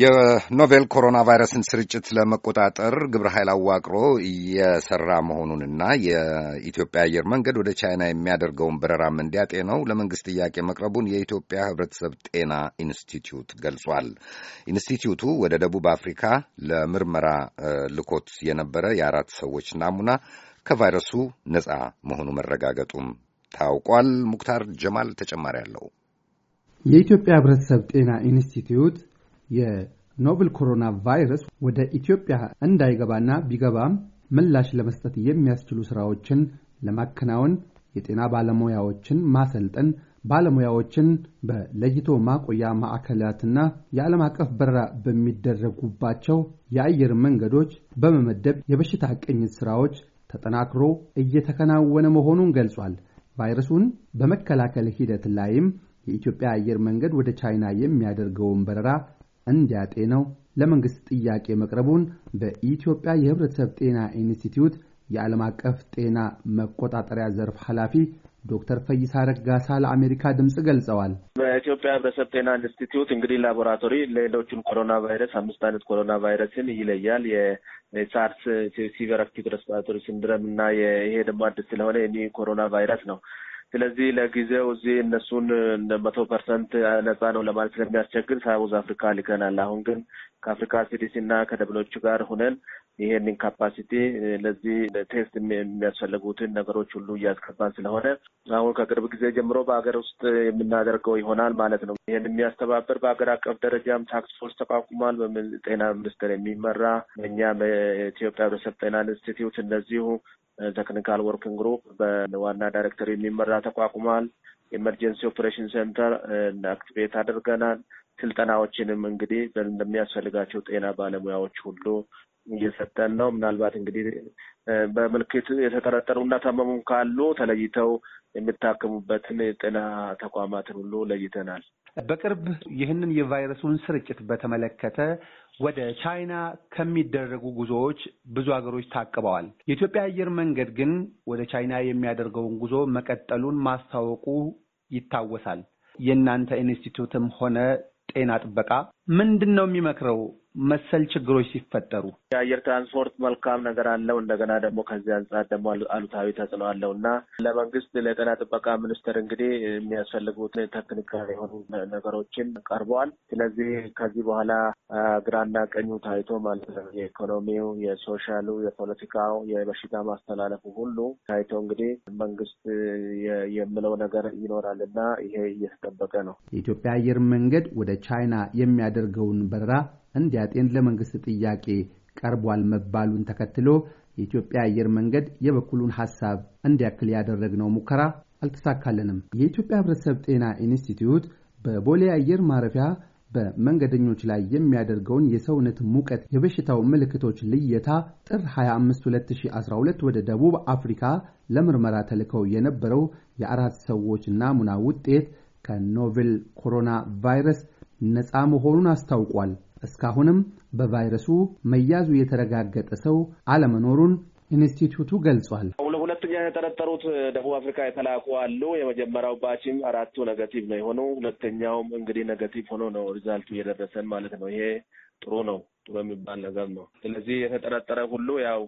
የኖቬል ኮሮና ቫይረስን ስርጭት ለመቆጣጠር ግብረ ኃይል አዋቅሮ እየሰራ መሆኑንና የኢትዮጵያ አየር መንገድ ወደ ቻይና የሚያደርገውን በረራም እንዲያጤነው ለመንግስት ጥያቄ መቅረቡን የኢትዮጵያ ሕብረተሰብ ጤና ኢንስቲትዩት ገልጿል። ኢንስቲትዩቱ ወደ ደቡብ አፍሪካ ለምርመራ ልኮት የነበረ የአራት ሰዎች ናሙና ከቫይረሱ ነፃ መሆኑ መረጋገጡም ታውቋል። ሙክታር ጀማል ተጨማሪ አለው። የኢትዮጵያ ሕብረተሰብ ጤና ኢንስቲትዩት የ ኖቭል ኮሮና ቫይረስ ወደ ኢትዮጵያ እንዳይገባና ቢገባም ምላሽ ለመስጠት የሚያስችሉ ስራዎችን ለማከናወን የጤና ባለሙያዎችን ማሰልጠን፣ ባለሙያዎችን በለይቶ ማቆያ ማዕከላትና የዓለም አቀፍ በረራ በሚደረጉባቸው የአየር መንገዶች በመመደብ የበሽታ ቅኝት ሥራዎች ተጠናክሮ እየተከናወነ መሆኑን ገልጿል። ቫይረሱን በመከላከል ሂደት ላይም የኢትዮጵያ አየር መንገድ ወደ ቻይና የሚያደርገውን በረራ እንዲያጤነው ለመንግሥት ጥያቄ መቅረቡን በኢትዮጵያ የሕብረተሰብ ጤና ኢንስቲትዩት የዓለም አቀፍ ጤና መቆጣጠሪያ ዘርፍ ኃላፊ ዶክተር ፈይሳ ረጋሳ ለአሜሪካ ድምፅ ገልጸዋል። በኢትዮጵያ ህብረተሰብ ጤና ኢንስቲትዩት እንግዲህ ላቦራቶሪ ሌሎቹን ኮሮና ቫይረስ አምስት አይነት ኮሮና ቫይረስን ይለያል። የሳርስ ሲቨር አክቲቭ ሬስፓራቶሪ ሲንድረም እና ይሄ ደግሞ አዲስ ስለሆነ የኒ ኮሮና ቫይረስ ነው። ስለዚህ ለጊዜው እዚህ እነሱን መቶ ፐርሰንት ነጻ ነው ለማለት ስለሚያስቸግር ሳውዝ አፍሪካ ልከናል። አሁን ግን ከአፍሪካ ሲዲሲ እና ከደብሎቹ ጋር ሁነን ይሄንን ካፓሲቲ ለዚህ ቴስት የሚያስፈልጉትን ነገሮች ሁሉ እያስገባን ስለሆነ አሁን ከቅርብ ጊዜ ጀምሮ በሀገር ውስጥ የምናደርገው ይሆናል ማለት ነው። ይህን የሚያስተባበር በሀገር አቀፍ ደረጃም ታክስ ፎርስ ተቋቁሟል። በጤና ሚኒስቴር የሚመራ እኛም የኢትዮጵያ ሕብረተሰብ ጤና ኢንስቲትዩት እንደዚሁ ቴክኒካል ወርኪንግ ግሩፕ በዋና ዳይሬክተር የሚመራ ተቋቁሟል። ኤመርጀንሲ ኦፕሬሽን ሴንተር አክቲቬት አድርገናል። ስልጠናዎችንም እንግዲህ እንደሚያስፈልጋቸው ጤና ባለሙያዎች ሁሉ እየሰጠን ነው። ምናልባት እንግዲህ በምልክት የተጠረጠሩ እና ታመሙ ካሉ ተለይተው የሚታከሙበትን የጤና ተቋማትን ሁሉ ለይተናል። በቅርብ ይህንን የቫይረሱን ስርጭት በተመለከተ ወደ ቻይና ከሚደረጉ ጉዞዎች ብዙ ሀገሮች ታቅበዋል። የኢትዮጵያ አየር መንገድ ግን ወደ ቻይና የሚያደርገውን ጉዞ መቀጠሉን ማስታወቁ ይታወሳል። የእናንተ ኢንስቲትዩትም ሆነ ጤና ጥበቃ ምንድን ነው የሚመክረው? መሰል ችግሮች ሲፈጠሩ የአየር ትራንስፖርት መልካም ነገር አለው። እንደገና ደግሞ ከዚህ አንጻር ደግሞ አሉታዊ ተጽዕኖ አለው እና ለመንግስት ለጤና ጥበቃ ሚኒስቴር እንግዲህ የሚያስፈልጉት ቴክኒካል የሆኑ ነገሮችን ቀርበዋል። ስለዚህ ከዚህ በኋላ ግራና ቀኙ ታይቶ ማለት ነው የኢኮኖሚው፣ የሶሻሉ፣ የፖለቲካው፣ የበሽታ ማስተላለፉ ሁሉ ታይቶ እንግዲህ መንግስት የምለው ነገር ይኖራል እና ይሄ እየተጠበቀ ነው። የኢትዮጵያ አየር መንገድ ወደ ቻይና የሚያደርገውን በረራ እንዲያጤን ለመንግስት ጥያቄ ቀርቧል መባሉን ተከትሎ የኢትዮጵያ አየር መንገድ የበኩሉን ሀሳብ እንዲያክል ያደረግነው ሙከራ አልተሳካልንም። የኢትዮጵያ ሕብረተሰብ ጤና ኢንስቲትዩት በቦሌ አየር ማረፊያ በመንገደኞች ላይ የሚያደርገውን የሰውነት ሙቀት የበሽታው ምልክቶች ልየታ ጥር 25 2012 ወደ ደቡብ አፍሪካ ለምርመራ ተልከው የነበረው የአራት ሰዎች ናሙና ውጤት ከኖቬል ኮሮና ቫይረስ ነፃ መሆኑን አስታውቋል። እስካሁንም በቫይረሱ መያዙ የተረጋገጠ ሰው አለመኖሩን ኢንስቲትዩቱ ገልጿል። ሁለተኛ የተጠረጠሩት ደቡብ አፍሪካ የተላኩ አሉ። የመጀመሪያው ባችም አራቱ ነገቲቭ ነው የሆኑ፣ ሁለተኛውም እንግዲህ ነገቲቭ ሆኖ ነው ሪዛልቱ እየደረሰን ማለት ነው። ይሄ ጥሩ ነው፣ ጥሩ የሚባል ነገር ነው። ስለዚህ የተጠረጠረ ሁሉ ያው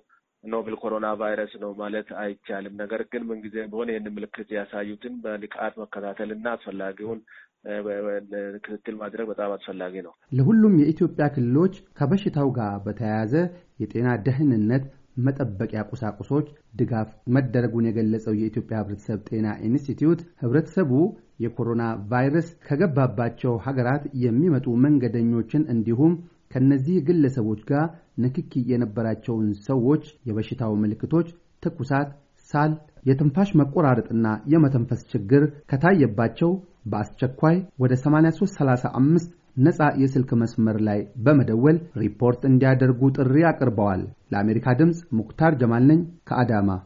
ኖቭል ኮሮና ቫይረስ ነው ማለት አይቻልም። ነገር ግን ምንጊዜ ቢሆን ይህን ምልክት ያሳዩትን በንቃት መከታተል እና አስፈላጊውን ክትትል ማድረግ በጣም አስፈላጊ ነው። ለሁሉም የኢትዮጵያ ክልሎች ከበሽታው ጋር በተያያዘ የጤና ደህንነት መጠበቂያ ቁሳቁሶች ድጋፍ መደረጉን የገለጸው የኢትዮጵያ ህብረተሰብ ጤና ኢንስቲትዩት ህብረተሰቡ የኮሮና ቫይረስ ከገባባቸው ሀገራት የሚመጡ መንገደኞችን እንዲሁም ከነዚህ ግለሰቦች ጋር ንክኪ የነበራቸውን ሰዎች የበሽታው ምልክቶች ትኩሳት፣ ሳል፣ የትንፋሽ መቆራረጥና የመተንፈስ ችግር ከታየባቸው በአስቸኳይ ወደ 8335 ነፃ የስልክ መስመር ላይ በመደወል ሪፖርት እንዲያደርጉ ጥሪ አቅርበዋል። ለአሜሪካ ድምፅ ሙክታር ጀማል ነኝ ከአዳማ